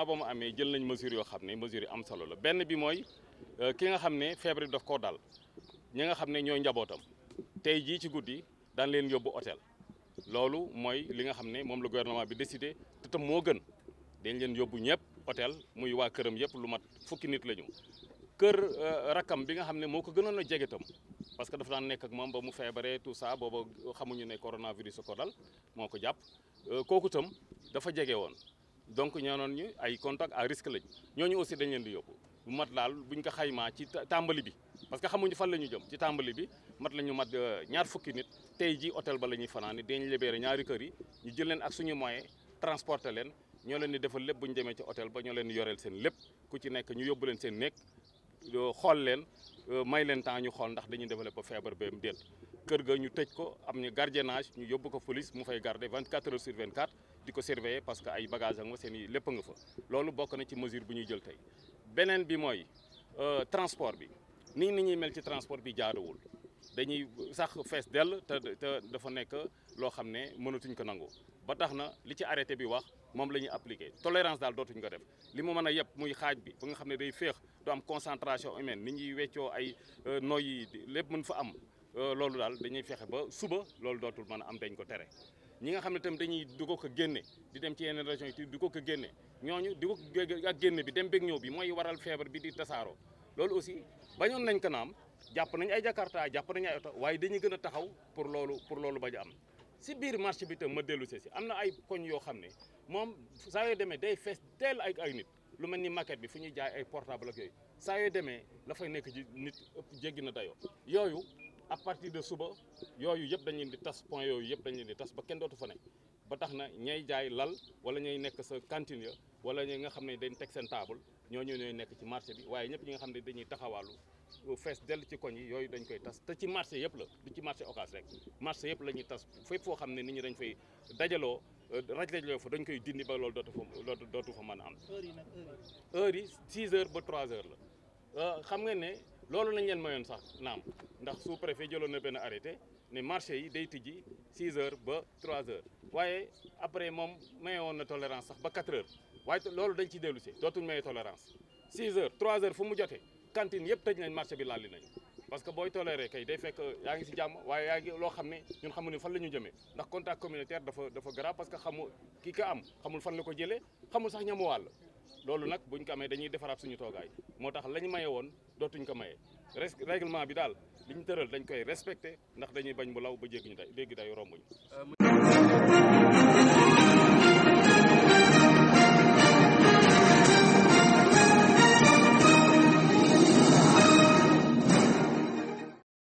gannaaw ba mu amee jël nañ mesures yoo xam ne mesures yu am solo la benn bi mooy euh, ki nga xam ne feebar daf koo dal ñi nga xam ne ñooy njabootam tey jii ci guddi daan leen yóbbu hôtel loolu mooy li nga xam ne moom la gouvernement bi décidé te tam moo gën dañ leen yóbbu ñëpp hôtel muy waa këram yëpp lu mat fukki nit lañu kër euh, rakkam bi nga xam ne moo ko gënoon a jege tam parce que dafa daan nekk ak moom ba mu feebaree tout ça booba xamuñu ne coronavirus ko dal moo ko jàpp euh, kooku tam dafa jege woon. donc ñoonoon ñu ay contact à risque lañ ñooñu aussi dañ leen di yóbbu bu mat laal buñ ko xaymaa ci tàmbali bi parce que xamuñu fan la ñu jëm ci tàmbali bi mat la ñu mat euh, ñaar fukki nit tey ji hôtel ba la ñuy fanaani dañ libéré ñaari kër yi ñu jël leen ak suñu moyen transporter leen ñoo leen di defal lépp bu ñu demee ci hôtel ba ñoo leen di yoreel seen lépp ku ci nekk ñu yóbbu leen seen nekk euh, xool leen euh, may leen temps ñu xool ndax dañuy développé feebar ba mu déet kër ga ñu tëj ko am ñu gardiennage ñu yóbbu ko police mu fay garder 24 heures sur di ko surveiller parce que ay bagage ak ma seen i lépp nga fa loolu bokk na ci mesure bu ñuy jël tey beneen bi mooy euh, transport bi ni ni ñuy mel ci transport bi jaaduwul dañuy sax fees dell te te dafa nekk loo xam ne mënatuñ ko nangu ba tax na li ci arrêté bi wax moom la ñuy appliqué tolérance daal dootuñ ko def li mu mën a yëpp muy xaaj bi ba nga xam ne day féex du am concentration humaine nit ñuy weccoo ay euh, noy lépp mën fa am euh, loolu daal dañuy fexe ba suba loolu dootul mën a am dañ ko tere ñi nga xam ne tam dañuy du ko ko génne di dem ci yeneen région yi di ko ko génne ñooñu di ko ak génne bi dem bég ñëw bi mooy waral feebar bi di tasaaroo loolu aussi bañoon nañ kanaam jàpp nañ ay jakarta jàpp nañ ay oto waaye dañuy gën a taxaw pour loolu pour loolu bañ am si biir marché bi tam ma dellu si am na ay koñ yoo xam ne moom saa yoo demee day fees teel ay ay nit lu mel ni maquette bi fu ñuy jaay ay portable ak yooyu saa yoo demee la nekk ji nit ëpp na dayoo yooyu à partir de suba yooyu yëpp dañ leen di tas point yooyu yëpp dañ leen di tas ba kenn dootu fa ne ba tax na ñay jaay lal wala ñay nekk sa cantine ya wala ñi nga xam ne dañ teg seen table ñooñu ñooy nekk ci marché bi waaye ñëpp ñi nga xam ne dañuy taxawaalu fees dell ci koñ yi yooyu dañ koy tas te ci marché yëpp la du ci marché occas rek marché yëpp la ñuy tas fépp foo xam ne nit ñu dañ fay dajaloo raj euh, raj loo fa dañ koy dindi ba loolu dootu fa dootu fa mën a am heure yi 6 heures ba 3 heures la euh, xam nga ne loolu lañ leen mayoon sax naam ndax su sous préfet jëloon na benn arrêté ne marché yi day tijji 6 heures ba trois heures waaye après moom mayoon na tolérance sax ba 4 heures waaye loolu dañ ciy dellu si dootuñ maye tolérance 6 heures 3 heures fu mu jotee cantine yëpp tëj nañ marché bi laal nañ parce que booy toléré kay day fekk yaa ngi si jàmm waaye yaa ngi loo xam ne ñun xamuñu fan la ñu jëmee ndax contact communautaire dafa dafa grave parce que ki ka am xamul fan la ko jëlee xamul sax ñamu wàll loolu nag buñ ko amee dañuy defaraat suñu toogaay moo tax lañ maye woon dootuñ ko maye règlement bi daal li ñu tëral dañ koy respecté ndax dañuy bañ bu law ba jéggi ñu day dégg day romb ñu